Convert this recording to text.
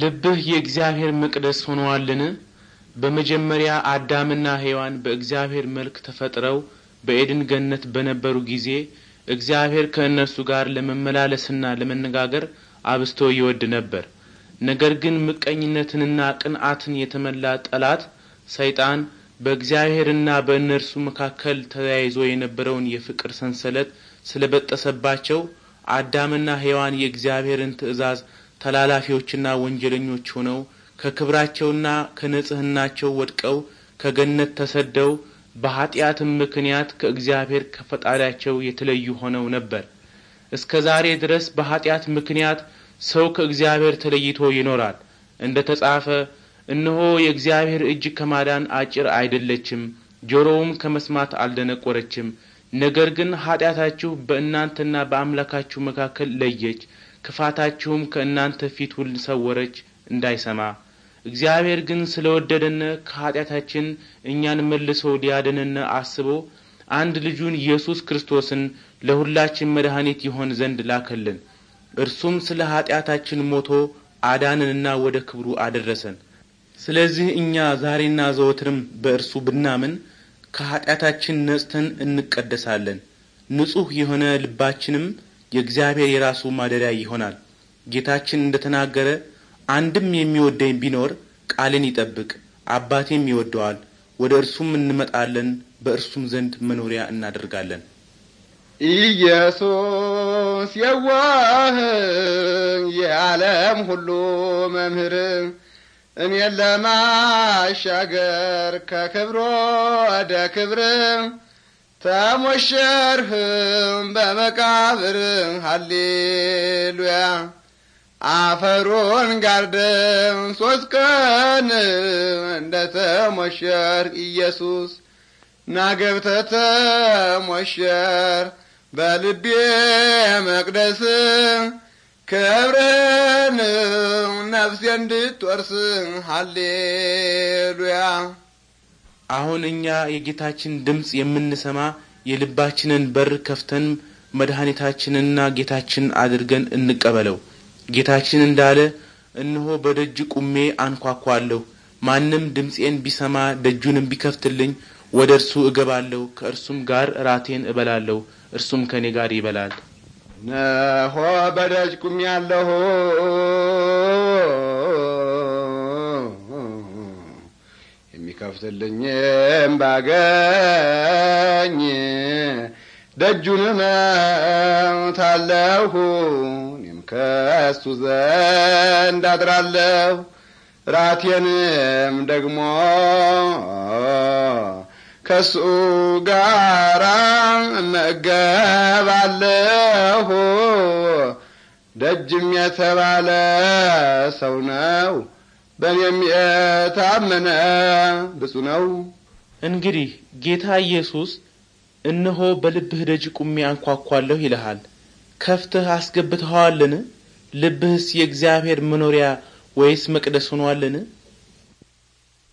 ልብህ የእግዚአብሔር መቅደስ ሆነዋልን? በመጀመሪያ አዳምና ሔዋን በእግዚአብሔር መልክ ተፈጥረው በኤድን ገነት በነበሩ ጊዜ እግዚአብሔር ከእነርሱ ጋር ለመመላለስና ለመነጋገር አብስቶ ይወድ ነበር። ነገር ግን ምቀኝነትንና ቅንዓትን የተመላ ጠላት ሰይጣን በእግዚአብሔርና በእነርሱ መካከል ተያይዞ የነበረውን የፍቅር ሰንሰለት ስለበጠሰባቸው አዳምና ሔዋን የእግዚአብሔርን ትእዛዝ ተላላፊዎችና ወንጀለኞች ሆነው ከክብራቸውና ከንጽህናቸው ወድቀው ከገነት ተሰደው በኃጢአትም ምክንያት ከእግዚአብሔር ከፈጣሪያቸው የተለዩ ሆነው ነበር። እስከ ዛሬ ድረስ በኃጢአት ምክንያት ሰው ከእግዚአብሔር ተለይቶ ይኖራል። እንደ ተጻፈ እነሆ የእግዚአብሔር እጅ ከማዳን አጭር አይደለችም፣ ጆሮውም ከመስማት አልደነቆረችም። ነገር ግን ኃጢአታችሁ በእናንተና በአምላካችሁ መካከል ለየች ክፋታችሁም ከእናንተ ፊት ሁል ሰወረች እንዳይሰማ እግዚአብሔር ግን ስለ ወደደን ከኃጢአታችን እኛን መልሶ ሊያድነን አስቦ አንድ ልጁን ኢየሱስ ክርስቶስን ለሁላችን መድኃኒት ይሆን ዘንድ ላከልን። እርሱም ስለ ኃጢአታችን ሞቶ አዳንንና ወደ ክብሩ አደረሰን። ስለዚህ እኛ ዛሬና ዘወትርም በእርሱ ብናምን ከኃጢአታችን ነጽተን እንቀደሳለን። ንጹሕ የሆነ ልባችንም የእግዚአብሔር የራሱ ማደሪያ ይሆናል። ጌታችን እንደተናገረ አንድም የሚወደኝ ቢኖር ቃልን ይጠብቅ፣ አባቴም ይወደዋል፣ ወደ እርሱም እንመጣለን፣ በእርሱም ዘንድ መኖሪያ እናደርጋለን። ኢየሱስ የዋህ የዓለም ሁሉ መምህር እኔን ለማሻገር ከክብሮ ወደ ክብር ተሞሸርህም በመቃብር ሃሌሉያ አፈሮን ጋርደን ሶስት ቀን እንደ ተሞሸር ኢየሱስ ናገብተ ተሞሸር በልቤ መቅደስ ክብርህን ነፍሴ እንድትወርስ ሃሌሉያ አሁን እኛ የጌታችን ድምፅ የምንሰማ የልባችንን በር ከፍተን መድኃኒታችንና ጌታችን አድርገን እንቀበለው። ጌታችን እንዳለ እነሆ በደጅ ቁሜ አንኳኳለሁ፣ ማንም ድምፄን ቢሰማ ደጁንም ቢከፍትልኝ ወደ እርሱ እገባለሁ፣ ከእርሱም ጋር እራቴን እበላለሁ፣ እርሱም ከእኔ ጋር ይበላል። ነሆ በደጅ ቁሜ አለሁ። ከፍትልኝም ባገኝ ደጁንም ታለሁ እኔም ከሱ ዘንድ አድራለሁ ራቴንም ደግሞ ከሱ ጋራ መገባለሁ ደጅም የተባለ ሰው ነው። በእኔም የታመነ ብፁዕ ነው። እንግዲህ ጌታ ኢየሱስ እነሆ በልብህ ደጅ ቁሜ አንኳኳለሁ ይልሃል። ከፍተህ አስገብተኸዋልን? ልብህስ የእግዚአብሔር መኖሪያ ወይስ መቅደስ ሆኗልን?